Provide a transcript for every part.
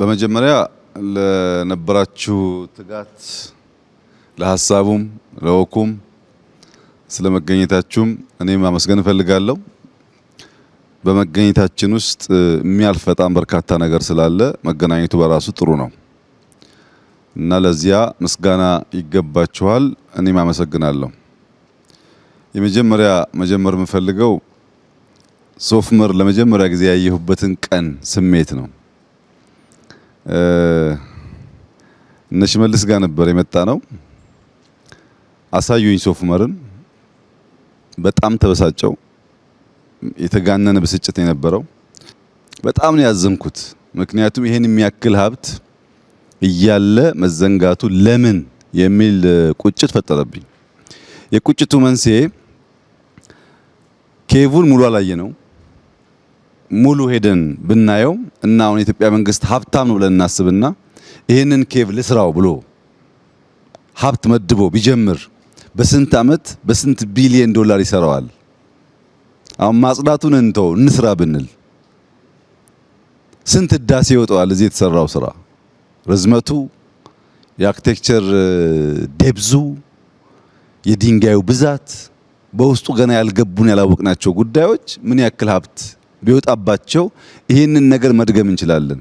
በመጀመሪያ ለነበራችሁ ትጋት ለሀሳቡም ለወኩም ስለመገኘታችሁም እኔም አመስገን እፈልጋለሁ። በመገኘታችን ውስጥ የሚያልፍ በጣም በርካታ ነገር ስላለ መገናኘቱ በራሱ ጥሩ ነው እና ለዚያ ምስጋና ይገባችኋል። እኔም አመሰግናለሁ። የመጀመሪያ መጀመር የምፈልገው ሶፍ ዑመር ለመጀመሪያ ጊዜ ያየሁበትን ቀን ስሜት ነው። እነ ሽመልስ ጋር ነበር የመጣ ነው። አሳዩኝ ሶፍ ዑመርን በጣም ተበሳጨው። የተጋነነ ብስጭት የነበረው በጣም ነው ያዘንኩት። ምክንያቱም ይሄን የሚያክል ሀብት እያለ መዘንጋቱ ለምን የሚል ቁጭት ፈጠረብኝ። የቁጭቱ መንስኤ ኬቡን ሙሉ አላየ ነው ሙሉ ሄደን ብናየው እና አሁን የኢትዮጵያ መንግስት ሀብታም ነው ብለን እናስብና ይህንን ኬቭ ልስራው ብሎ ሀብት መድቦ ቢጀምር በስንት ዓመት በስንት ቢሊየን ዶላር ይሰራዋል? አሁን ማጽዳቱን እንተው እንስራ ብንል ስንት ህዳሴ ይወጣዋል? እዚህ የተሰራው ስራ ርዝመቱ፣ የአርክቴክቸር ደብዙ፣ የድንጋዩ ብዛት፣ በውስጡ ገና ያልገቡን ያላወቅናቸው ጉዳዮች ምን ያክል ሀብት ቢወጣባቸው ይህንን ነገር መድገም እንችላለን።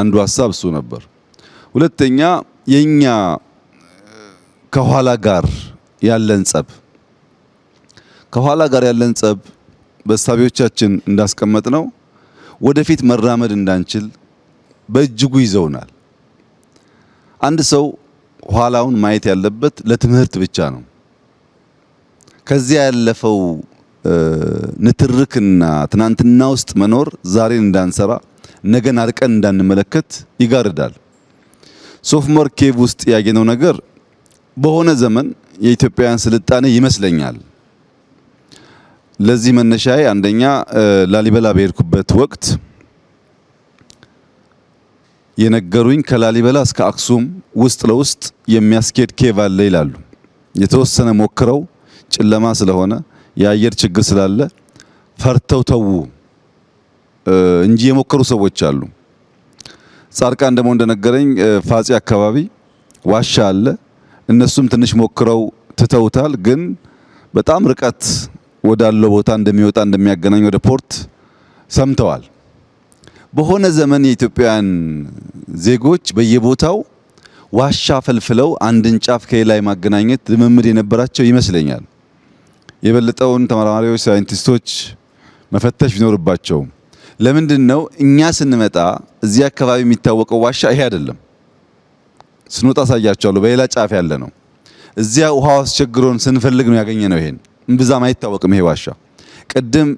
አንዱ ሀሳብ እሱ ነበር። ሁለተኛ የኛ ከኋላ ጋር ያለን ጸብ ከኋላ ጋር ያለን ጸብ በሳቢዎቻችን እንዳስቀመጥ ነው ወደፊት መራመድ እንዳንችል በእጅጉ ይዘውናል። አንድ ሰው ኋላውን ማየት ያለበት ለትምህርት ብቻ ነው። ከዚያ ያለፈው ንትርክና ትናንትና ውስጥ መኖር ዛሬን እንዳንሰራ ነገን አርቀን እንዳንመለከት ይጋርዳል። ሶፍሞር ኬቭ ውስጥ ያገነው ነገር በሆነ ዘመን የኢትዮጵያውያን ስልጣኔ ይመስለኛል። ለዚህ መነሻዬ አንደኛ ላሊበላ በሄድኩበት ወቅት የነገሩኝ ከላሊበላ እስከ አክሱም ውስጥ ለውስጥ የሚያስኬድ ኬቭ አለ ይላሉ። የተወሰነ ሞክረው ጨለማ ስለሆነ የአየር ችግር ስላለ ፈርተው ተዉ እንጂ የሞከሩ ሰዎች አሉ። ጻድቃን ደግሞ እንደነገረኝ ፋጺ አካባቢ ዋሻ አለ። እነሱም ትንሽ ሞክረው ትተውታል። ግን በጣም ርቀት ወዳለው ቦታ እንደሚወጣ እንደሚያገናኝ ወደ ፖርት ሰምተዋል። በሆነ ዘመን የኢትዮጵያውያን ዜጎች በየቦታው ዋሻ ፈልፍለው አንድን ጫፍ ከሌላ ማገናኘት ልምምድ የነበራቸው ይመስለኛል። የበለጠውን ተመራማሪዎች፣ ሳይንቲስቶች መፈተሽ ቢኖርባቸውም ለምንድን ነው እኛ ስንመጣ እዚህ አካባቢ የሚታወቀው ዋሻ ይሄ አይደለም። ስንወጣ አሳያቸዋለሁ። በሌላ ጫፍ ያለ ነው። እዚያ ውሃ አስቸግሮን ስንፈልግ ነው ያገኘ ነው። ይሄን እምብዛም አይታወቅም ይሄ ዋሻ። ቅድም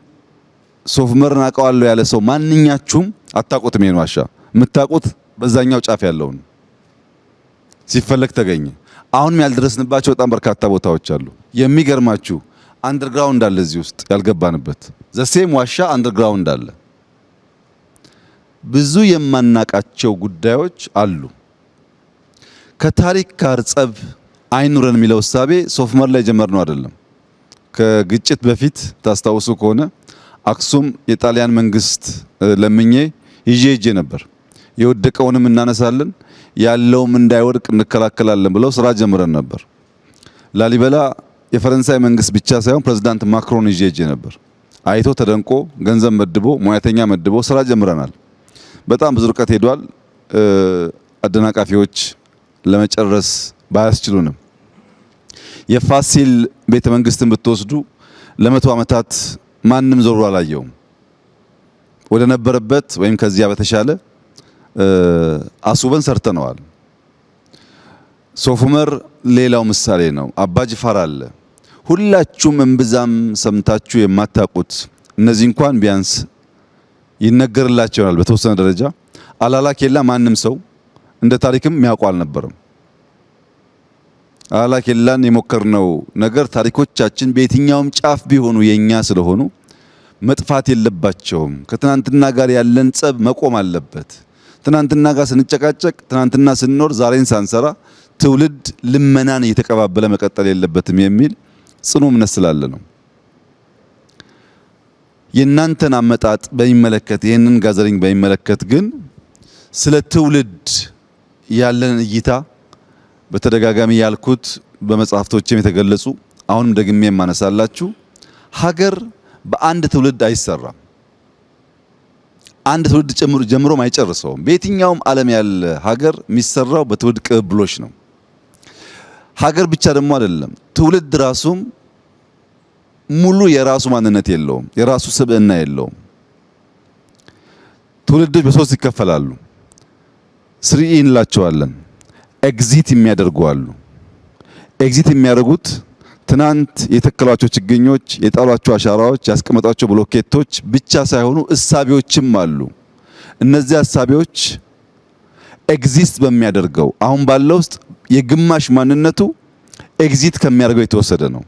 ሶፍመርን አውቀዋለሁ ያለ ሰው ማንኛችሁም አታውቁትም። ይሄን ዋሻ የምታውቁት በዛኛው ጫፍ ያለውን ሲፈለግ ተገኘ። አሁንም ያልደረስንባቸው በጣም በርካታ ቦታዎች አሉ። የሚገርማችሁ አንደርግራውንድ አለ እዚህ ውስጥ ያልገባንበት ዘሴም ዋሻ አንደርግራውንድ አለ። ብዙ የማናቃቸው ጉዳዮች አሉ። ከታሪክ ጋር ጸብ አይኑረን የሚለው እሳቤ ሶፍመር ላይ ጀመርነው አይደለም። ከግጭት በፊት ታስታውሱ ከሆነ አክሱም የጣሊያን መንግስት ለምኜ ይዤ ይዤ ነበር። የወደቀውንም እናነሳለን ያለውም እንዳይወድቅ እንከላከላለን ብለው ስራ ጀምረን ነበር። ላሊበላ የፈረንሳይ መንግስት ብቻ ሳይሆን ፕሬዚዳንት ማክሮን ይዤ ሄጄ ነበር። አይቶ ተደንቆ ገንዘብ መድቦ ሙያተኛ መድቦ ስራ ጀምረናል። በጣም ብዙ ርቀት ሄዷል። አደናቃፊዎች ለመጨረስ ባያስችሉንም የፋሲል ቤተ መንግስትን ብትወስዱ ለመቶ ዓመታት ማንም ዞሮ አላየውም። ወደ ነበረበት ወይም ከዚያ በተሻለ አስውበን ሰርተነዋል። ሶፍ ዑመር ሌላው ምሳሌ ነው። አባጅ ፋራ አለ። ሁላችሁም እምብዛም ሰምታችሁ የማታውቁት እነዚህ እንኳን ቢያንስ ይነገርላቸው ይሆናል በተወሰነ ደረጃ። አላላ ኬላ ማንም ሰው እንደ ታሪክም የሚያውቀው አልነበረም። አላላ ኬላን የሞከርነው ነገር ታሪኮቻችን በየትኛውም ጫፍ ቢሆኑ የኛ ስለሆኑ መጥፋት የለባቸውም። ከትናንትና ጋር ያለን ጸብ መቆም አለበት። ትናንትና ጋር ስንጨቃጨቅ፣ ትናንትና ስንኖር፣ ዛሬን ሳንሰራ ትውልድ ልመናን እየተቀባበለ መቀጠል የለበትም የሚል ጽኑ እምነት ስላለ ነው። የእናንተን አመጣጥ በሚመለከት ይህንን ጋዘሪንግ በሚመለከት ግን ስለ ትውልድ ያለን እይታ በተደጋጋሚ ያልኩት በመጽሐፍቶችም የተገለጹ አሁንም ደግሜ የማነሳላችሁ ሀገር በአንድ ትውልድ አይሰራም። አንድ ትውልድ ጀምሮም አይጨርሰውም። በየትኛውም ዓለም ያለ ሀገር የሚሰራው በትውልድ ቅብብሎች ነው። ሀገር ብቻ ደግሞ አይደለም፣ ትውልድ ራሱም ሙሉ የራሱ ማንነት የለውም፣ የራሱ ስብዕና የለውም። ትውልዶች በሶስት ይከፈላሉ። ስሪ እንላቸዋለን። ኤግዚት የሚያደርጉ አሉ። ኤግዚት የሚያደርጉት ትናንት የተከሏቸው ችግኞች፣ የጣሏቸው አሻራዎች፣ ያስቀመጧቸው ብሎኬቶች ብቻ ሳይሆኑ እሳቤዎችም አሉ። እነዚህ እሳቤዎች ኤግዚስት በሚያደርገው አሁን ባለው ውስጥ የግማሽ ማንነቱ ኤግዚት ከሚያደርገው የተወሰደ ነው።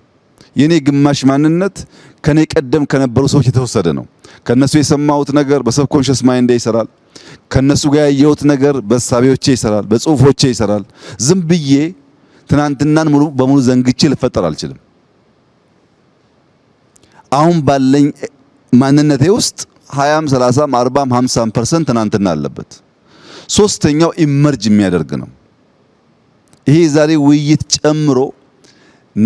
የኔ ግማሽ ማንነት ከኔ ቀደም ከነበሩ ሰዎች የተወሰደ ነው። ከነሱ የሰማሁት ነገር በሰብኮንሽስ ማይንዴ ይሰራል። ከነሱ ጋር ያየሁት ነገር በሳቢዎቼ ይሰራል፣ በጽሁፎቼ ይሰራል። ዝም ብዬ ትናንትናን ሙሉ በሙሉ ዘንግቼ ልፈጠር አልችልም። አሁን ባለኝ ማንነቴ ውስጥ 20፣ 30፣ 40፣ 50 ፐርሰንት ትናንትና አለበት። ሶስተኛው ኢመርጅ የሚያደርግ ነው። ይሄ ዛሬ ውይይት ጨምሮ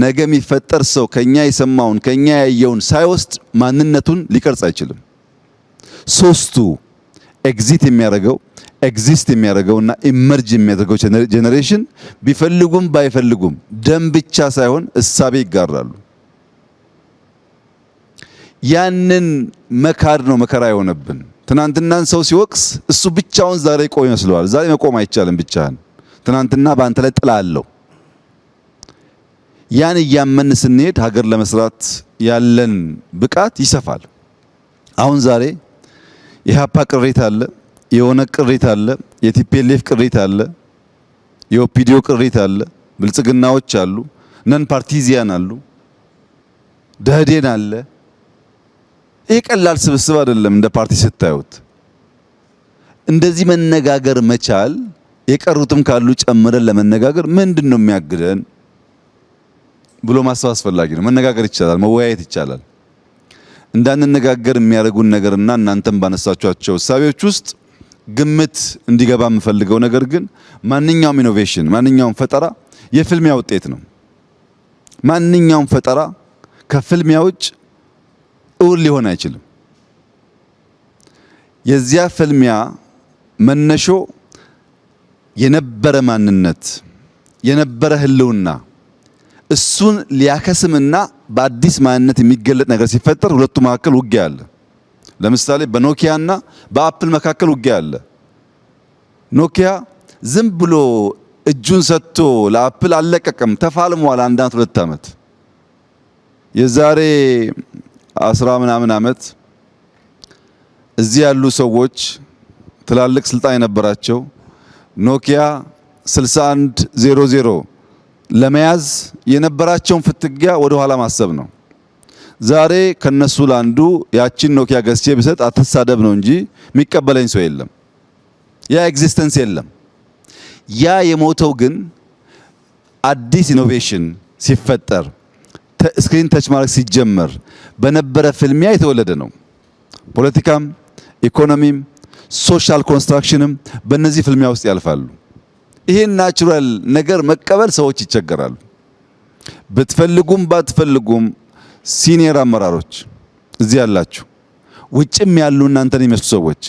ነገ የሚፈጠር ሰው ከኛ የሰማውን ከኛ ያየውን ሳይወስድ ማንነቱን ሊቀርጽ አይችልም። ሶስቱ ኤግዚት የሚያደርገው ኤግዚስት የሚያደርገውና ኢመርጅ የሚያደርገው ጄኔሬሽን ቢፈልጉም ባይፈልጉም ደም ብቻ ሳይሆን እሳቤ ይጋራሉ። ያንን መካድ ነው መከራ የሆነብን። ትናንትናን ሰው ሲወቅስ እሱ ብቻውን ዛሬ ቆም ይመስለዋል። ዛሬ መቆም አይቻልም ብቻህን ትናንትና በአንተ ላይ ጥላ ያን እያመን ስንሄድ ሀገር ለመስራት ያለን ብቃት ይሰፋል። አሁን ዛሬ የሀፓ ቅሬታ አለ፣ የሆነ ቅሬታ አለ፣ የቲፒኤልኤፍ ቅሬታ አለ፣ የኦፒዲዮ ቅሬታ አለ፣ ብልጽግናዎች አሉ፣ ነን ፓርቲዚያን አሉ፣ ደህዴን አለ። ይህ ቀላል ስብስብ አይደለም እንደ ፓርቲ ስታዩት። እንደዚህ መነጋገር መቻል የቀሩትም ካሉ ጨምረን ለመነጋገር ምንድን ነው የሚያግደን ብሎ ማሰብ አስፈላጊ ነው። መነጋገር ይቻላል፣ መወያየት ይቻላል። እንዳንነጋገር የሚያደርጉን ነገርና እናንተም ባነሳችኋቸው እሳቤዎች ውስጥ ግምት እንዲገባ የምፈልገው ነገር ግን ማንኛውም ኢኖቬሽን፣ ማንኛውም ፈጠራ የፍልሚያ ውጤት ነው። ማንኛውም ፈጠራ ከፍልሚያ ውጭ እውን ሊሆን አይችልም። የዚያ ፍልሚያ መነሾ የነበረ ማንነት የነበረ ህልውና እሱን ሊያከስምና በአዲስ ማንነት የሚገለጥ ነገር ሲፈጠር ሁለቱ መካከል ውጊያ አለ። ለምሳሌ በኖኪያና በአፕል መካከል ውጊያ አለ። ኖኪያ ዝም ብሎ እጁን ሰጥቶ ለአፕል አለቀቅም ተፋልሟል። አንድ ዓመት ሁለት ዓመት የዛሬ አስራ ምናምን ዓመት እዚህ ያሉ ሰዎች ትላልቅ ስልጣን የነበራቸው ኖኪያ 6100 ለመያዝ የነበራቸውን ፍትጊያ ወደ ኋላ ማሰብ ነው። ዛሬ ከነሱ ለአንዱ ያችን ኖኪያ ገዝቼ ብሰጥ አትሳደብ ነው እንጂ የሚቀበለኝ ሰው የለም። ያ ኤግዚስተንስ የለም። ያ የሞተው ግን አዲስ ኢኖቬሽን ሲፈጠር ስክሪን ተች ማድረግ ሲጀመር በነበረ ፍልሚያ የተወለደ ነው። ፖለቲካም ኢኮኖሚም ሶሻል ኮንስትራክሽንም በእነዚህ ፍልሚያ ውስጥ ያልፋሉ። ይሄን ናቹራል ነገር መቀበል ሰዎች ይቸገራሉ። ብትፈልጉም ባትፈልጉም ሲኒየር አመራሮች እዚህ ያላችሁ፣ ውጭም ያሉ እናንተን የሚመስሉ ሰዎች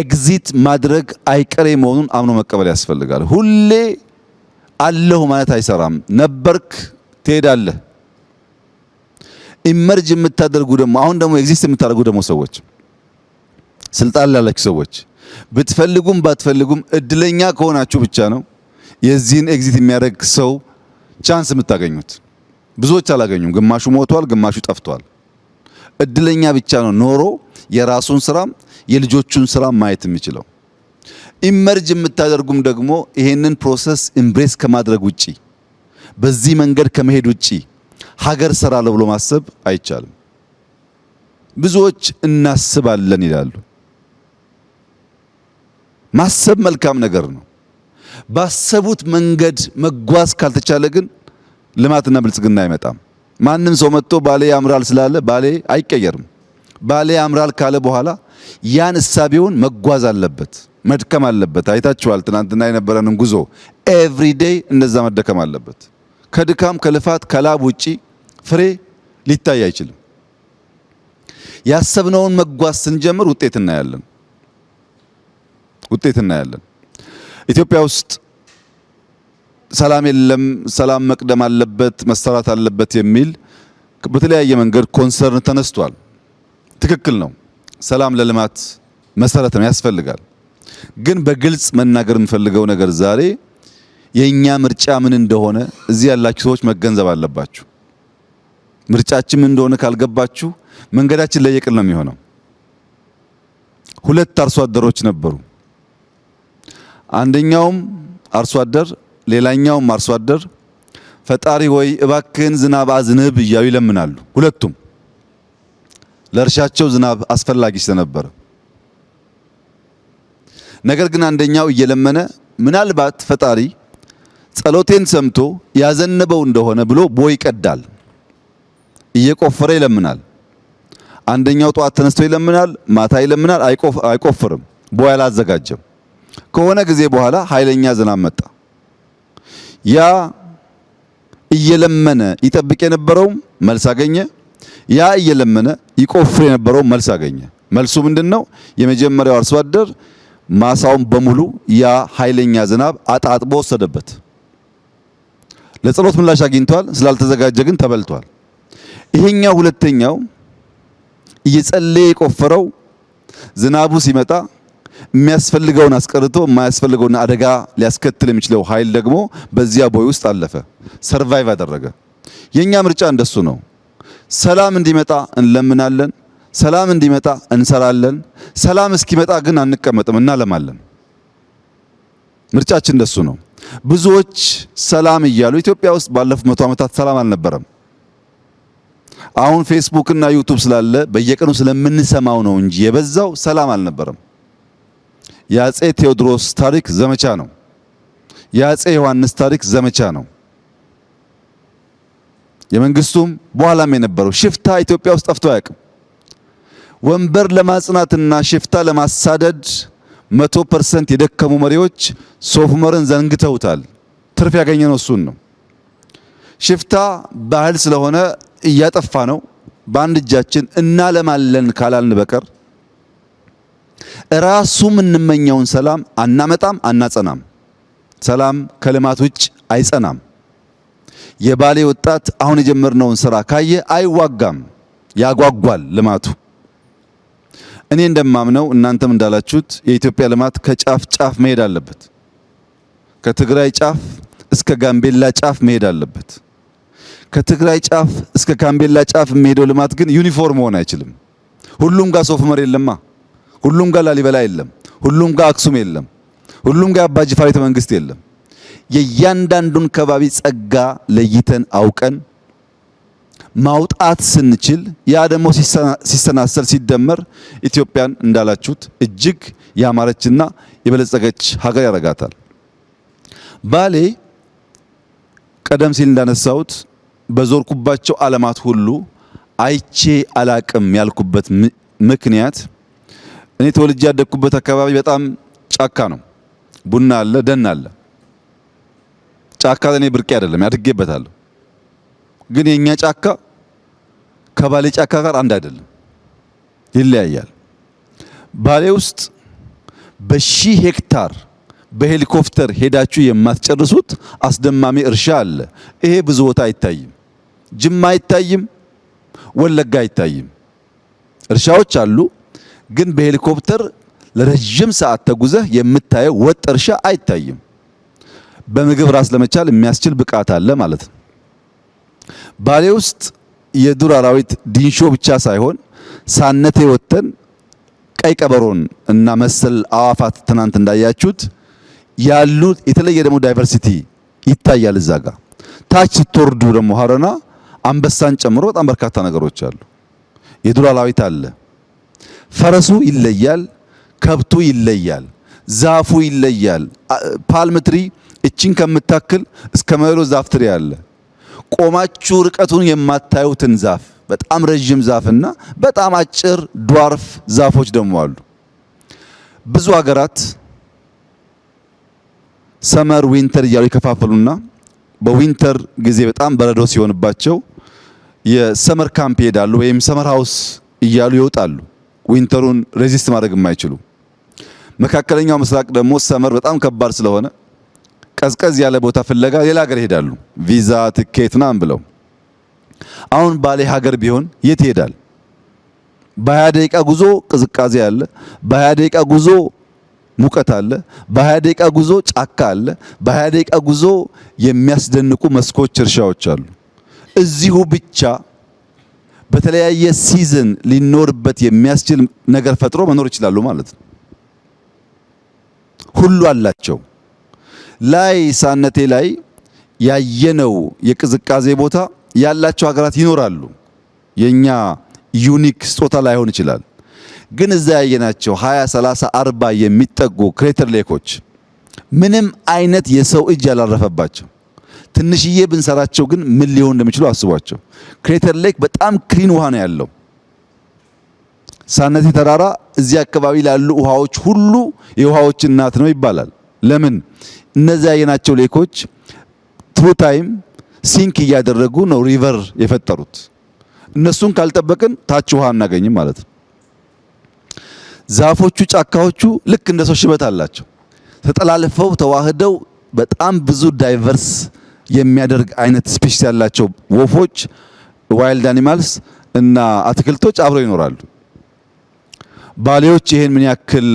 ኤግዚት ማድረግ አይቀሬ መሆኑን አምኖ መቀበል ያስፈልጋል። ሁሌ አለሁ ማለት አይሰራም። ነበርክ፣ ትሄዳለህ። ኢመርጅ የምታደርጉ ደግሞ አሁን ደግሞ ኤግዚስት የምታደርጉ ደግሞ ሰዎች ስልጣን ላላችሁ ሰዎች ብትፈልጉም ባትፈልጉም እድለኛ ከሆናችሁ ብቻ ነው የዚህን ኤግዚት የሚያደርግ ሰው ቻንስ የምታገኙት። ብዙዎች አላገኙም። ግማሹ ሞቷል፣ ግማሹ ጠፍቷል። እድለኛ ብቻ ነው ኖሮ የራሱን ስራም የልጆቹን ስራ ማየት የሚችለው። ኢመርጅ የምታደርጉም ደግሞ ይሄንን ፕሮሰስ ኢምብሬስ ከማድረግ ውጪ በዚህ መንገድ ከመሄድ ውጪ ሀገር ሰራለሁ ብሎ ማሰብ አይቻልም። ብዙዎች እናስባለን ይላሉ። ማሰብ መልካም ነገር ነው። ባሰቡት መንገድ መጓዝ ካልተቻለ ግን ልማትና ብልጽግና አይመጣም። ማንም ሰው መጥቶ ባሌ ያምራል ስላለ ባሌ አይቀየርም። ባሌ ያምራል ካለ በኋላ ያን እሳቤውን መጓዝ አለበት፣ መድከም አለበት። አይታችኋል ትናንትና የነበረንን ጉዞ። ኤቭሪዴይ ዴይ እንደዛ መደከም አለበት። ከድካም ከልፋት ከላብ ውጪ ፍሬ ሊታይ አይችልም። ያሰብነውን መጓዝ ስንጀምር ውጤት እናያለን። ውጤት እናያለን። ኢትዮጵያ ውስጥ ሰላም የለም፣ ሰላም መቅደም አለበት፣ መሰራት አለበት የሚል በተለያየ መንገድ ኮንሰርን ተነስቷል። ትክክል ነው። ሰላም ለልማት መሰረት ነው፣ ያስፈልጋል። ግን በግልጽ መናገር የምፈልገው ነገር ዛሬ የእኛ ምርጫ ምን እንደሆነ እዚህ ያላችሁ ሰዎች መገንዘብ አለባችሁ። ምርጫችን ምን እንደሆነ ካልገባችሁ መንገዳችን ለየቅል ነው የሚሆነው። ሁለት አርሶ አደሮች ነበሩ። አንደኛውም አርሶ አደር ሌላኛውም አርሶ አደር ፈጣሪ ወይ እባክህን ዝናብ አዝንብ እያሉ ይለምናሉ። ሁለቱም ለእርሻቸው ዝናብ አስፈላጊ ስለነበረ፣ ነገር ግን አንደኛው እየለመነ ምናልባት ፈጣሪ ጸሎቴን ሰምቶ ያዘነበው እንደሆነ ብሎ ቦይ ይቀዳል፣ እየቆፈረ ይለምናል። አንደኛው ጠዋት ተነስቶ ይለምናል፣ ማታ ይለምናል፣ አይቆፍርም፣ ቦይ አላዘጋጀም። ከሆነ ጊዜ በኋላ ኃይለኛ ዝናብ መጣ። ያ እየለመነ ይጠብቅ የነበረው መልስ አገኘ። ያ እየለመነ ይቆፍር የነበረው መልስ አገኘ። መልሱ ምንድን ነው? የመጀመሪያው አርሶ አደር ማሳውን በሙሉ ያ ኃይለኛ ዝናብ አጣጥቦ ወሰደበት። ለጸሎት ምላሽ አግኝቷል፣ ስላልተዘጋጀ ግን ተበልቷል። ይሄኛው ሁለተኛው እየጸለየ የቆፈረው ዝናቡ ሲመጣ የሚያስፈልገውን አስቀርቶ የማያስፈልገውን አደጋ ሊያስከትል የሚችለው ኃይል ደግሞ በዚያ ቦይ ውስጥ አለፈ፣ ሰርቫይቭ አደረገ። የኛ ምርጫ እንደሱ ነው። ሰላም እንዲመጣ እንለምናለን። ሰላም እንዲመጣ እንሰራለን። ሰላም እስኪመጣ ግን አንቀመጥም፣ እናለማለን። ምርጫችን እንደሱ ነው። ብዙዎች ሰላም እያሉ ኢትዮጵያ ውስጥ ባለፉት መቶ ዓመታት ሰላም አልነበረም። አሁን ፌስቡክ እና ዩቱብ ስላለ በየቀኑ ስለምንሰማው ነው እንጂ የበዛው ሰላም አልነበረም። የአጼ ቴዎድሮስ ታሪክ ዘመቻ ነው። የአጼ ዮሐንስ ታሪክ ዘመቻ ነው። የመንግስቱም በኋላም የነበረው ሽፍታ ኢትዮጵያ ውስጥ ጠፍቶ አያውቅም። ወንበር ለማጽናትና ሽፍታ ለማሳደድ መቶ ፐርሰንት የደከሙ መሪዎች ሶፍ ዑመርን ዘንግተውታል። ትርፍ ያገኘነው እሱን ነው። ሽፍታ ባህል ስለሆነ እያጠፋ ነው። በአንድ እጃችን እናለማለን ካላልን በቀር ራሱ የምንመኘውን ሰላም አናመጣም፣ አናጸናም። ሰላም ከልማት ውጭ አይጸናም። የባሌ ወጣት አሁን የጀመርነውን ስራ ካየ አይዋጋም፣ ያጓጓል ልማቱ። እኔ እንደማምነው እናንተም እንዳላችሁት የኢትዮጵያ ልማት ከጫፍ ጫፍ መሄድ አለበት። ከትግራይ ጫፍ እስከ ጋምቤላ ጫፍ መሄድ አለበት። ከትግራይ ጫፍ እስከ ጋምቤላ ጫፍ የሚሄደው ልማት ግን ዩኒፎርም መሆን አይችልም። ሁሉም ጋር ሶፍ መር የለማ ሁሉም ጋር ላሊበላ የለም፣ ሁሉም ጋር አክሱም የለም፣ ሁሉም ጋር አባ ጅፋር ቤተ መንግስት የለም። የእያንዳንዱን ከባቢ ጸጋ ለይተን አውቀን ማውጣት ስንችል ያ ደግሞ ሲሰናሰል ሲደመር ኢትዮጵያን እንዳላችሁት እጅግ ያማረችና የበለጸገች ሀገር ያደርጋታል። ባሌ ቀደም ሲል እንዳነሳሁት በዞርኩባቸው ዓለማት ሁሉ አይቼ አላቅም ያልኩበት ምክንያት እኔ ተወልጄ ያደግኩበት አካባቢ በጣም ጫካ ነው። ቡና አለ፣ ደን አለ። ጫካ እኔ ብርቄ አይደለም፣ ያድጌበታለሁ። ግን የኛ ጫካ ከባሌ ጫካ ጋር አንድ አይደለም፣ ይለያያል። ባሌ ውስጥ በሺህ ሄክታር በሄሊኮፕተር ሄዳችሁ የማትጨርሱት አስደማሚ እርሻ አለ። ይሄ ብዙ ቦታ አይታይም፣ ጅማ አይታይም፣ ወለጋ አይታይም። እርሻዎች አሉ። ግን በሄሊኮፕተር ለረጅም ሰዓት ተጉዘህ የምታየው ወጥ እርሻ አይታይም። በምግብ ራስ ለመቻል የሚያስችል ብቃት አለ ማለት ነው። ባሌ ውስጥ የዱር አራዊት ዲንሾ ብቻ ሳይሆን ሳነቴ ወጥተን ቀይ ቀበሮን እና መሰል አዋፋት ትናንት እንዳያችሁት ያሉ የተለየ ደግሞ ዳይቨርሲቲ ይታያል እዛ ጋ። ታች ስትወርዱ ደግሞ ሀረና አንበሳን ጨምሮ በጣም በርካታ ነገሮች አሉ። የዱር አራዊት አለ። ፈረሱ ይለያል፣ ከብቱ ይለያል፣ ዛፉ ይለያል። ፓልምትሪ እችን ከምታክል እስከ መሎ ዛፍ ትሪ አለ። ቆማችሁ ርቀቱን የማታዩትን ዛፍ በጣም ረዥም ዛፍና በጣም አጭር ዷርፍ ዛፎች ደግሞ አሉ። ብዙ ሀገራት ሰመር ዊንተር እያሉ ይከፋፈሉና በዊንተር ጊዜ በጣም በረዶ ሲሆንባቸው የሰመር ካምፕ ይሄዳሉ ወይም ሰመር ሃውስ እያሉ ይወጣሉ። ዊንተሩን ሬዚስት ማድረግ የማይችሉ መካከለኛው ምስራቅ ደግሞ ሰመር በጣም ከባድ ስለሆነ ቀዝቀዝ ያለ ቦታ ፍለጋ ሌላ ሀገር ይሄዳሉ። ቪዛ ትኬት ምናምን ብለው። አሁን ባሌ ሀገር ቢሆን የት ይሄዳል? በሀያ ደቂቃ ጉዞ ቅዝቃዜ አለ። በሀያ ደቂቃ ጉዞ ሙቀት አለ። በሀያ ደቂቃ ጉዞ ጫካ አለ። በሀያ ደቂቃ ጉዞ የሚያስደንቁ መስኮች፣ እርሻዎች አሉ። እዚሁ ብቻ በተለያየ ሲዝን ሊኖርበት የሚያስችል ነገር ፈጥሮ መኖር ይችላሉ ማለት ነው። ሁሉ አላቸው። ላይ ሳነቴ ላይ ያየነው የቅዝቃዜ ቦታ ያላቸው ሀገራት ይኖራሉ። የኛ ዩኒክ ስጦታ ላይሆን ይችላል። ግን እዛ ያየናቸው 20፣ 30፣ 40 የሚጠጉ ክሬተር ሌኮች ምንም አይነት የሰው እጅ ያላረፈባቸው ትንሽዬ ብንሰራቸው ግን ምን ሊሆን እንደሚችሉ አስቧቸው። ክሬተር ሌክ በጣም ክሊን ውሃ ነው ያለው። ሳነቴ ተራራ እዚህ አካባቢ ላሉ ውሃዎች ሁሉ የውሃዎች እናት ነው ይባላል። ለምን? እነዚያ ያየናቸው ሌኮች ትሩ ታይም ሲንክ እያደረጉ ነው ሪቨር የፈጠሩት። እነሱን ካልጠበቅን ታች ውሃ አናገኝም ማለት ነው። ዛፎቹ፣ ጫካዎቹ ልክ እንደ ሰው ሽበት አላቸው። ተጠላልፈው ተዋህደው በጣም ብዙ ዳይቨርስ የሚያደርግ አይነት ስፔሽስ ያላቸው ወፎች ዋይልድ አኒማልስ እና አትክልቶች አብረው ይኖራሉ። ባሌዎች ይሄን ምን ያክል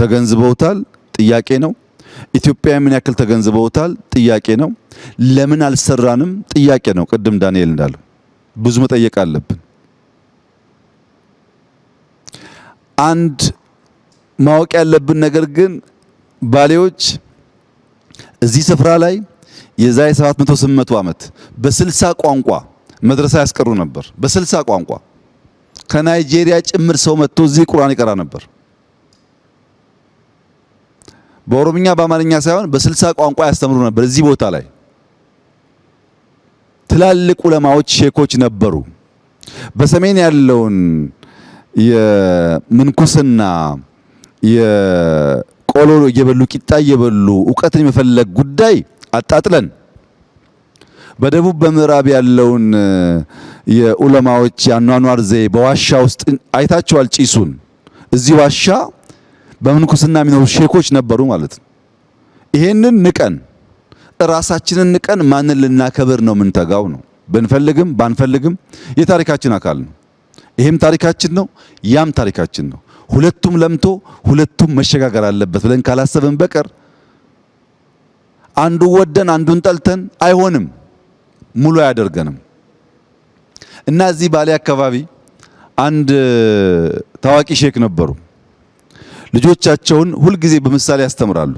ተገንዝበውታል ጥያቄ ነው። ኢትዮጵያ ምን ያክል ተገንዝበውታል ጥያቄ ነው። ለምን አልሰራንም ጥያቄ ነው። ቅድም ዳንኤል እንዳለው ብዙ መጠየቅ አለብን። አንድ ማወቅ ያለብን ነገር ግን ባሌዎች እዚህ ስፍራ ላይ የዛሬ 700 800 ዓመት በስልሳ ቋንቋ መድረሳ ያስቀሩ ነበር። በስልሳ ቋንቋ ከናይጄሪያ ጭምር ሰው መጥቶ እዚህ ቁርአን ይቀራ ነበር። በኦሮምኛ በአማርኛ ሳይሆን በስልሳ ቋንቋ ያስተምሩ ነበር። እዚህ ቦታ ላይ ትላልቅ ዑለማዎች ሼኮች ነበሩ። በሰሜን ያለውን የምንኩስና የቆሎ እየበሉ ቂጣ እየበሉ እውቀትን የመፈለግ ጉዳይ አጣጥለን በደቡብ በምዕራብ ያለውን የዑለማዎች የአኗኗር ዘዬ በዋሻ ውስጥ አይታቸዋል። ጭሱን እዚህ ዋሻ በምንኩስና የሚኖሩ ሼኮች ነበሩ ማለት ነው። ይሄንን ንቀን ራሳችንን ንቀን ማንን ልናከብር ነው የምንተጋው ነው። ብንፈልግም ባንፈልግም የታሪካችን አካል ነው። ይሄም ታሪካችን ነው፣ ያም ታሪካችን ነው። ሁለቱም ለምቶ ሁለቱም መሸጋገር አለበት ብለን ካላሰብን በቀር አንዱ ወደን አንዱን ጠልተን አይሆንም፣ ሙሉ አያደርገንም። እና እዚህ ባሌ አካባቢ አንድ ታዋቂ ሼክ ነበሩ። ልጆቻቸውን ሁልጊዜ በምሳሌ ያስተምራሉ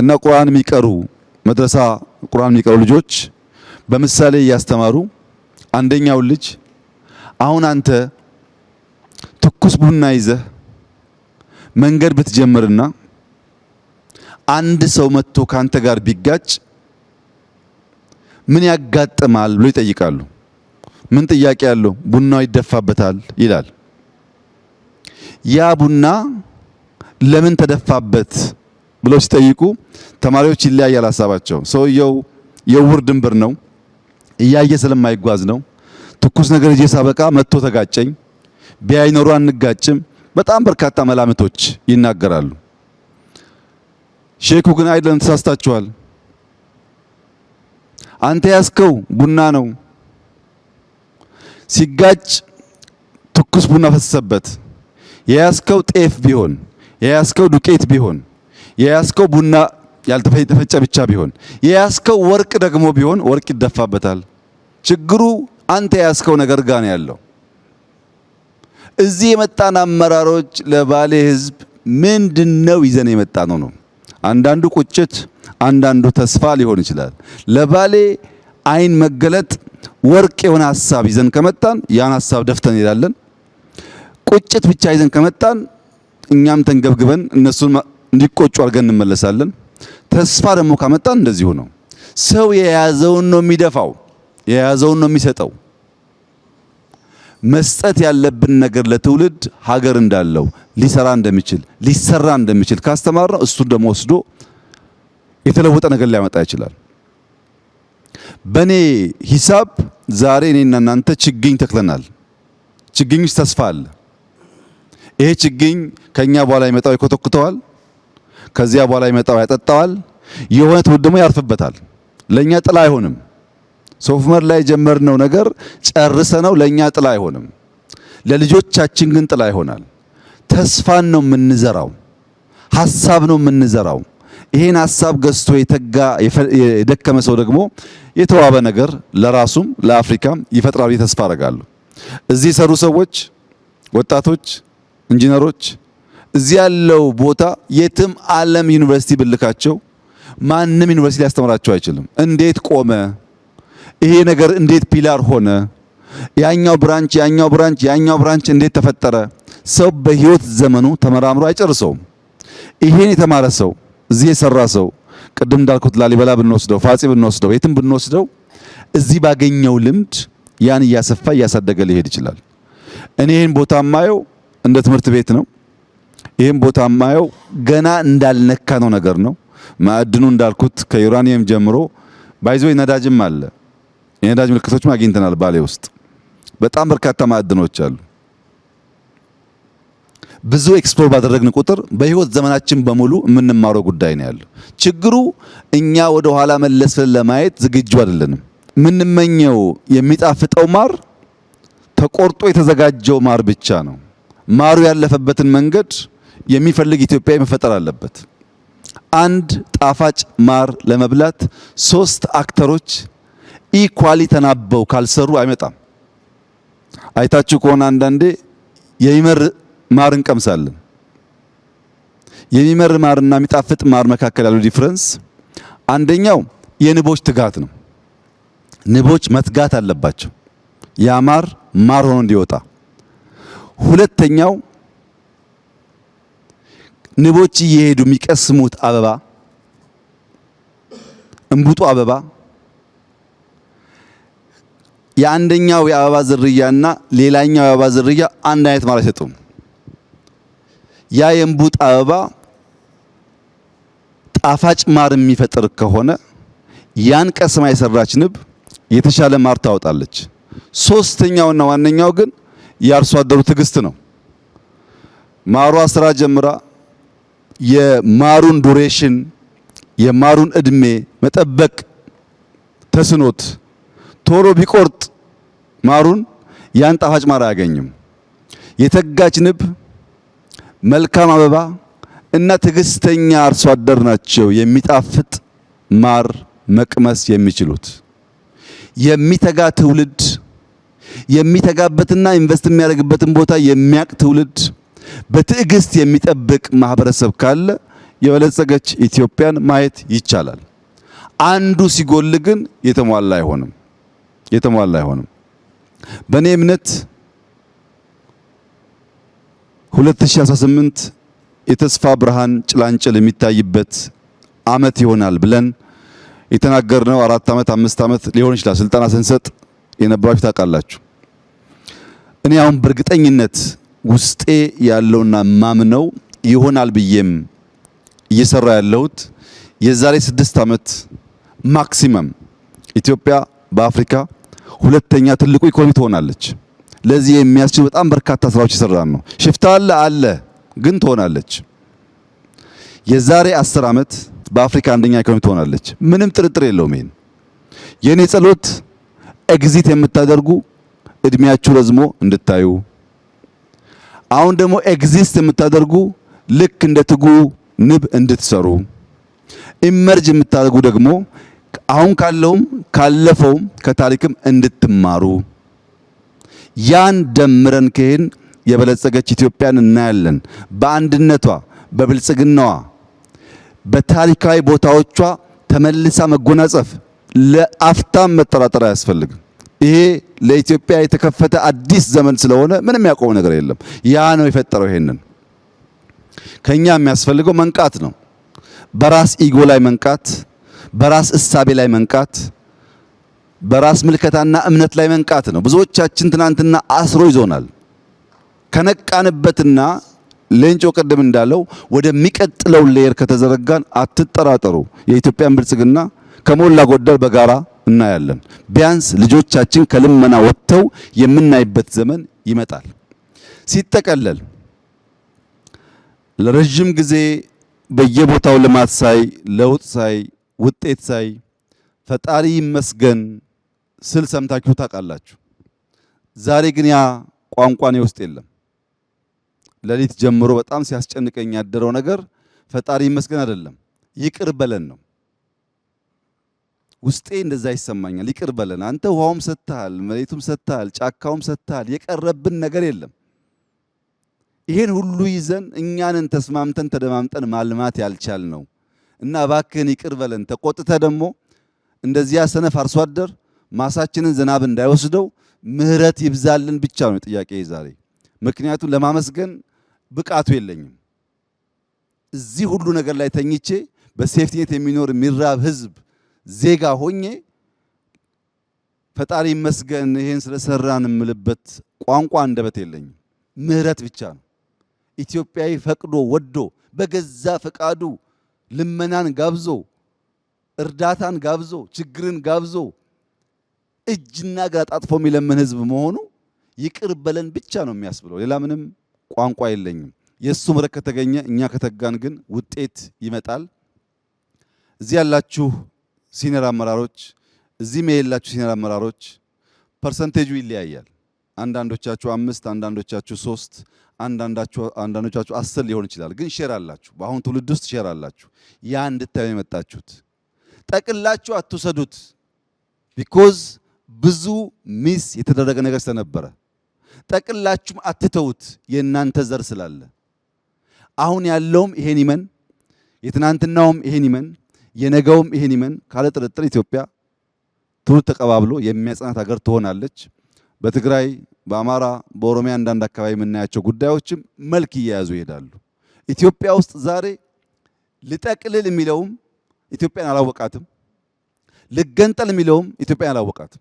እና ቁርአን የሚቀሩ መድረሳ ቁርአን የሚቀሩ ልጆች በምሳሌ እያስተማሩ አንደኛው ልጅ አሁን አንተ ትኩስ ቡና ይዘህ መንገድ ብትጀምርና አንድ ሰው መጥቶ ካንተ ጋር ቢጋጭ ምን ያጋጥማል ብሎ ይጠይቃሉ። ምን ጥያቄ አለው? ቡናው ይደፋበታል ይላል። ያ ቡና ለምን ተደፋበት ብለው ሲጠይቁ ተማሪዎች ይለያያል ሀሳባቸው። ሰውየው የውር ድንብር ነው፣ እያየ ስለማይጓዝ ነው። ትኩስ ነገር ይዤ ሳበቃ መጥቶ ተጋጨኝ፣ ቢያይኖሩ አንጋጭም። በጣም በርካታ መላምቶች ይናገራሉ። ሼኩ ግን አይደለም፣ ተሳስታችኋል። አንተ ያስከው ቡና ነው፣ ሲጋጭ ትኩስ ቡና ፈሰሰበት። የያስከው ጤፍ ቢሆን የያስከው ዱቄት ቢሆን የያስከው ቡና ያልተፈጨ ብቻ ቢሆን የያስከው ወርቅ ደግሞ ቢሆን ወርቅ ይደፋበታል። ችግሩ አንተ የያስከው ነገር ጋር ነው ያለው። እዚህ የመጣን አመራሮች ለባሌ ህዝብ ምንድነው ይዘን የመጣ ነው ነው አንዳንዱ ቁጭት፣ አንዳንዱ ተስፋ ሊሆን ይችላል። ለባሌ አይን መገለጥ ወርቅ የሆነ ሀሳብ ይዘን ከመጣን ያን ሀሳብ ደፍተን እንሄዳለን። ቁጭት ብቻ ይዘን ከመጣን እኛም ተንገብግበን እነሱን እንዲቆጩ አድርገን እንመለሳለን። ተስፋ ደግሞ ካመጣን እንደዚሁ ነው። ሰው የያዘውን ነው የሚደፋው፣ የያዘውን ነው የሚሰጠው። መስጠት ያለብን ነገር ለትውልድ ሀገር እንዳለው ሊሰራ እንደሚችል ሊሰራ እንደሚችል ካስተማር ነው እሱን ወስዶ የተለወጠ ነገር ሊያመጣ ይችላል። በኔ ሂሳብ ዛሬ እኔና እናንተ ችግኝ ተክለናል። ችግኝ ተስፋል ተስፋ አለ። ይሄ ችግኝ ከኛ በኋላ ይመጣው ይኮተኩተዋል፣ ከዚያ በኋላ ይመጣው ያጠጣዋል፣ የሆነ ትውልድ ደግሞ ያርፍበታል። ለኛ ጥላ አይሆንም። ሶፍመር ላይ የጀመርነው ነገር ጨርሰነው ለኛ ጥላ አይሆንም፣ ለልጆቻችን ግን ጥላ ይሆናል። ተስፋን ነው የምንዘራው፣ ሀሳብ ነው የምንዘራው። ይህን ሀሳብ ገዝቶ የተጋ የደከመ ሰው ደግሞ የተዋበ ነገር ለራሱም ለአፍሪካም ይፈጥራል። ተስፋ አረጋሉ። እዚህ የሰሩ ሰዎች፣ ወጣቶች፣ ኢንጂነሮች እዚህ ያለው ቦታ የትም ዓለም ዩኒቨርሲቲ ብልካቸው ማንም ዩኒቨርሲቲ ሊያስተምራቸው አይችልም። እንዴት ቆመ ይሄ ነገር፣ እንዴት ፒላር ሆነ፣ ያኛው ብራንች ያኛው ብራንች ያኛው ብራንች እንዴት ተፈጠረ ሰው በህይወት ዘመኑ ተመራምሮ አይጨርሰውም። ይሄን የተማረ ሰው እዚህ የሰራ ሰው ቅድም እንዳልኩት ላሊበላ ብንወስደው፣ ፋጺ ብንወስደው፣ የትም ብንወስደው እዚህ ባገኘው ልምድ ያን እያሰፋ እያሳደገ ሊሄድ ይችላል። እኔ ይህን ቦታ ማየው እንደ ትምህርት ቤት ነው። ይህን ቦታ ማየው ገና እንዳልነካ ነው ነገር ነው። ማዕድኑ እንዳልኩት ከዩራኒየም ጀምሮ ባይዞ ነዳጅም አለ። የነዳጅ ምልክቶችም አግኝተናል። ባሌ ውስጥ በጣም በርካታ ማዕድኖች አሉ። ብዙ ኤክስፕሎር ባደረግን ቁጥር በህይወት ዘመናችን በሙሉ የምንማረው ጉዳይ ነው ያለው። ችግሩ እኛ ወደ ኋላ መለስ ለማየት ዝግጁ አይደለንም። የምንመኘው የሚጣፍጠው ማር ተቆርጦ የተዘጋጀው ማር ብቻ ነው። ማሩ ያለፈበትን መንገድ የሚፈልግ ኢትዮጵያዊ መፈጠር አለበት። አንድ ጣፋጭ ማር ለመብላት ሶስት አክተሮች ኢኳሊ ተናበው ካልሰሩ አይመጣም። አይታችሁ ከሆነ አንዳንዴ የሚመር ማር እንቀምሳለን። የሚመር ማርና የሚጣፍጥ ማር መካከል ያለው ዲፍረንስ አንደኛው የንቦች ትጋት ነው። ንቦች መትጋት አለባቸው ያ ማር ማር ሆኖ እንዲወጣ። ሁለተኛው ንቦች እየሄዱ የሚቀስሙት አበባ እምቡጡ አበባ የአንደኛው የአበባ ዝርያና ሌላኛው የአበባ ዝርያ አንድ አይነት ማር አይሰጡም። ያ የእምቡጥ አበባ ጣፋጭ ማር የሚፈጥር ከሆነ ያን ቀስማ የሰራች ንብ የተሻለ ማር ታወጣለች። ሶስተኛውና ዋነኛው ግን የአርሶ አደሩ ትዕግስት ነው። ማሯ ስራ ጀምራ የማሩን ዱሬሽን የማሩን እድሜ መጠበቅ ተስኖት ቶሎ ቢቆርጥ ማሩን ያን ጣፋጭ ማር አያገኝም። የተጋች ንብ መልካም አበባ እና ትዕግስተኛ አርሶ አደር ናቸው የሚጣፍጥ ማር መቅመስ የሚችሉት። የሚተጋ ትውልድ የሚተጋበትና ኢንቨስት የሚያደርግበትን ቦታ የሚያቅ ትውልድ በትዕግስት የሚጠብቅ ማህበረሰብ ካለ የበለጸገች ኢትዮጵያን ማየት ይቻላል። አንዱ ሲጎል ግን የተሟላ አይሆንም የተሟላ አይሆንም። በእኔ እምነት 2018 የተስፋ ብርሃን ጭላንጭል የሚታይበት አመት ይሆናል ብለን የተናገርነው አራት ዓመት አምስት ዓመት ሊሆን ይችላል። ስልጠና ስንሰጥ የነበራችሁ ታውቃላችሁ። እኔ አሁን በእርግጠኝነት ውስጤ ያለውና ማምነው ይሆናል ብዬም እየሰራ ያለሁት የዛሬ ስድስት ዓመት ማክሲመም ኢትዮጵያ በአፍሪካ ሁለተኛ ትልቁ ኢኮኖሚ ትሆናለች። ለዚህ የሚያስችል በጣም በርካታ ስራዎች የሰራን ነው። ሽፍታ አለ አለ ግን ትሆናለች። የዛሬ አስር ዓመት በአፍሪካ አንደኛ ኢኮኖሚ ትሆናለች። ምንም ጥርጥር የለውም። ይሄን የኔ ጸሎት ኤግዚት የምታደርጉ እድሜያችሁ ረዝሞ እንድታዩ አሁን ደግሞ ኤግዚስት የምታደርጉ ልክ እንደ ትጉ ንብ እንድትሰሩ ኢመርጅ የምታደርጉ ደግሞ አሁን ካለውም ካለፈውም ከታሪክም እንድትማሩ ያን ደምረን ከሄን የበለጸገች ኢትዮጵያን እናያለን። በአንድነቷ፣ በብልጽግናዋ፣ በታሪካዊ ቦታዎቿ ተመልሳ መጎናጸፍ ለአፍታም መጠራጠር አያስፈልግም። ይሄ ለኢትዮጵያ የተከፈተ አዲስ ዘመን ስለሆነ ምንም ያቆመው ነገር የለም። ያ ነው የፈጠረው። ይሄንን ከኛ የሚያስፈልገው መንቃት ነው። በራስ ኢጎ ላይ መንቃት፣ በራስ እሳቤ ላይ መንቃት በራስ ምልከታና እምነት ላይ መንቃት ነው። ብዙዎቻችን ትናንትና አስሮ ይዞናል። ከነቃንበትና ሌንጮ ቅድም እንዳለው ወደሚቀጥለው ሌየር ከተዘረጋን አትጠራጠሩ፣ የኢትዮጵያን ብልጽግና ከሞላ ጎደል በጋራ እናያለን። ቢያንስ ልጆቻችን ከልመና ወጥተው የምናይበት ዘመን ይመጣል። ሲጠቀለል ለረጅም ጊዜ በየቦታው ልማት ሳይ ለውጥ ሳይ ውጤት ሳይ ፈጣሪ ይመስገን ስል ሰምታችሁ ታውቃላችሁ። ዛሬ ግን ያ ቋንቋ እኔ ውስጥ የለም። ሌሊት ጀምሮ በጣም ሲያስጨንቀኝ ያደረው ነገር ፈጣሪ ይመስገን አይደለም፣ ይቅር በለን ነው። ውስጤ እንደዛ ይሰማኛል። ይቅር በለን አንተ፣ ውሃውም ሰጥተሃል፣ መሬቱም ሰጥተሃል፣ ጫካውም ሰጥተሃል። የቀረብን ነገር የለም። ይሄን ሁሉ ይዘን እኛንን ተስማምተን ተደማምጠን ማልማት ያልቻል ነው እና እባክህን ይቅር በለን። ተቆጥተ ደግሞ እንደዚያ ሰነፍ አርሶ አደር ማሳችንን ዝናብ እንዳይወስደው ምህረት ይብዛልን ብቻ ነው ጥያቄ ዛሬ። ምክንያቱም ለማመስገን ብቃቱ የለኝም። እዚህ ሁሉ ነገር ላይ ተኝቼ በሴፍቲኔት የሚኖር የሚራብ ህዝብ ዜጋ ሆኜ ፈጣሪ ይመስገን ይሄን ስለሰራን የምልበት ቋንቋ እንደበት የለኝም። ምህረት ብቻ ነው። ኢትዮጵያዊ ፈቅዶ ወዶ በገዛ ፈቃዱ ልመናን ጋብዞ እርዳታን ጋብዞ ችግርን ጋብዞ እጅና እግር አጣጥፎ የሚለምን ህዝብ መሆኑ ይቅር በለን ብቻ ነው የሚያስብለው። ሌላ ምንም ቋንቋ የለኝም። የእሱ መድረክ ከተገኘ እኛ ከተጋን ግን ውጤት ይመጣል። እዚህ ያላችሁ ሲኒየር አመራሮች፣ እዚህም የሌላችሁ ሲኒየር አመራሮች ፐርሰንቴጁ ይለያያል። አንዳንዶቻችሁ አምስት አንዳንዶቻችሁ ሶስት አንዳንዶቻችሁ አስር ሊሆን ይችላል። ግን ሼር አላችሁ፣ በአሁን ትውልድ ውስጥ ሼር አላችሁ። ያ እንድታዩ የመጣችሁት ጠቅላችሁ አትውሰዱት ቢኮዝ ብዙ ሚስ የተደረገ ነገር ስለነበረ ጠቅላችሁም አትተውት፣ የእናንተ ዘር ስላለ አሁን ያለውም ይሄን ይመን፣ የትናንትናውም ይሄን ይመን፣ የነገውም ይሄን ይመን። ካለ ጥርጥር ኢትዮጵያ ትውልድ ተቀባብሎ የሚያጽናት ሀገር ትሆናለች። በትግራይ፣ በአማራ፣ በኦሮሚያ አንዳንድ አካባቢ የምናያቸው ጉዳዮችም መልክ እየያዙ ይሄዳሉ። ኢትዮጵያ ውስጥ ዛሬ ልጠቅልል የሚለውም ኢትዮጵያን አላወቃትም። ልገንጠል የሚለውም ኢትዮጵያን አላወቃትም።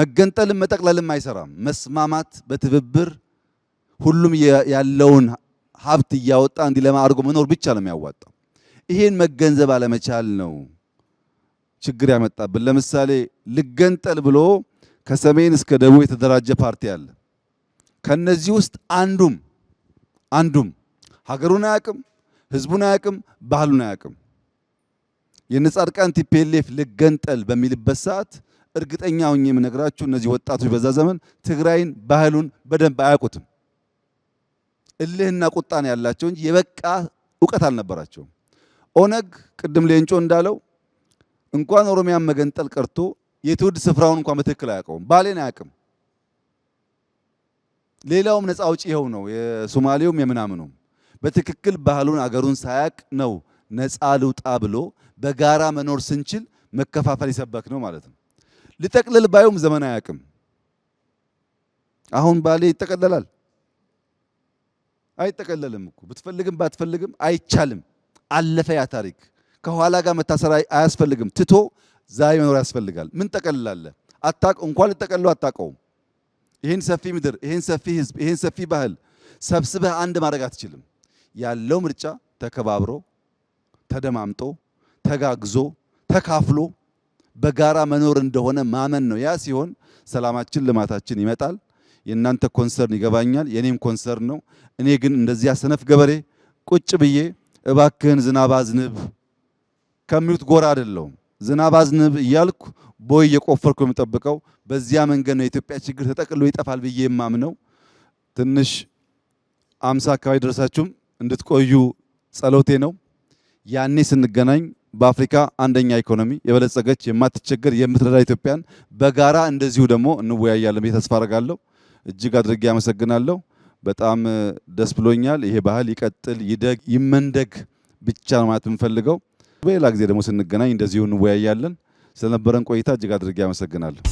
መገንጠልም መጠቅለልም አይሰራም። መስማማት በትብብር ሁሉም ያለውን ሀብት እያወጣ እንዲለማ አድርጎ መኖር ብቻ ነው የሚያዋጣው። ይሄን መገንዘብ አለመቻል ነው ችግር ያመጣብን። ለምሳሌ ልገንጠል ብሎ ከሰሜን እስከ ደቡብ የተደራጀ ፓርቲ አለ። ከነዚህ ውስጥ አንዱም አንዱም ሀገሩን አያውቅም፣ ህዝቡን አያውቅም፣ ባህሉን አያውቅም። የነጻድቃን ቲፒኤልኤፍ ልገንጠል በሚልበት ሰዓት እርግጠኛ ሆኜ የምነግራችሁ እነዚህ ወጣቶች በዛ ዘመን ትግራይን ባህሉን በደንብ አያውቁትም። እልህና ቁጣን ያላቸው እንጂ የበቃ እውቀት አልነበራቸውም። ኦነግ ቅድም ሌንጮ እንዳለው እንኳን ኦሮሚያን መገንጠል ቀርቶ የትውድ ስፍራውን እንኳን በትክክል አያውቀውም። ባሌን አያውቅም። ሌላውም ነፃ አውጪ ይኸው ነው። የሶማሌውም የምናምኑም በትክክል ባህሉን አገሩን ሳያውቅ ነው ነፃ ልውጣ ብሎ በጋራ መኖር ስንችል መከፋፈል ይሰበክ ነው ማለት ነው። ልጠቅልል ባዩም ዘመን አያውቅም። አሁን ባሌ ይጠቀለላል አይጠቀለልም እኮ ብትፈልግም ባትፈልግም አይቻልም። አለፈ ያ ታሪክ። ከኋላ ጋር መታሰር አያስፈልግም። ትቶ ዛሬ መኖር ያስፈልጋል። ምን ጠቀልላለ አታቅ እንኳን ልጠቀልለው አታውቀውም። ይህን ሰፊ ምድር፣ ይህን ሰፊ ህዝብ፣ ይህን ሰፊ ባህል ሰብስበህ አንድ ማድረግ አትችልም። ያለው ምርጫ ተከባብሮ፣ ተደማምጦ፣ ተጋግዞ፣ ተካፍሎ በጋራ መኖር እንደሆነ ማመን ነው። ያ ሲሆን ሰላማችን፣ ልማታችን ይመጣል። የእናንተ ኮንሰርን ይገባኛል፣ የኔም ኮንሰርን ነው። እኔ ግን እንደዚያ ሰነፍ ገበሬ ቁጭ ብዬ እባክህን ዝናብ አዝንብ ከሚሉት ጎራ አይደለሁም። ዝናብ አዝንብ እያልኩ ቦይ እየቆፈርኩ የምጠብቀው በዚያ መንገድ ነው የኢትዮጵያ ችግር ተጠቅሎ ይጠፋል ብዬ የማምነው። ትንሽ አምሳ አካባቢ ደረሳችሁም እንድትቆዩ ጸሎቴ ነው። ያኔ ስንገናኝ በአፍሪካ አንደኛ ኢኮኖሚ የበለጸገች የማትቸገር የምትረዳ ኢትዮጵያን በጋራ እንደዚሁ ደግሞ እንወያያለን ብዬ ተስፋ አረጋለሁ። እጅግ አድርጌ አመሰግናለሁ። በጣም ደስ ብሎኛል። ይሄ ባህል ይቀጥል፣ ይደግ፣ ይመንደግ ብቻ ነው ማለት የምፈልገው። በሌላ ጊዜ ደግሞ ስንገናኝ እንደዚሁ እንወያያለን። ስለነበረን ቆይታ እጅግ አድርጌ አመሰግናለሁ።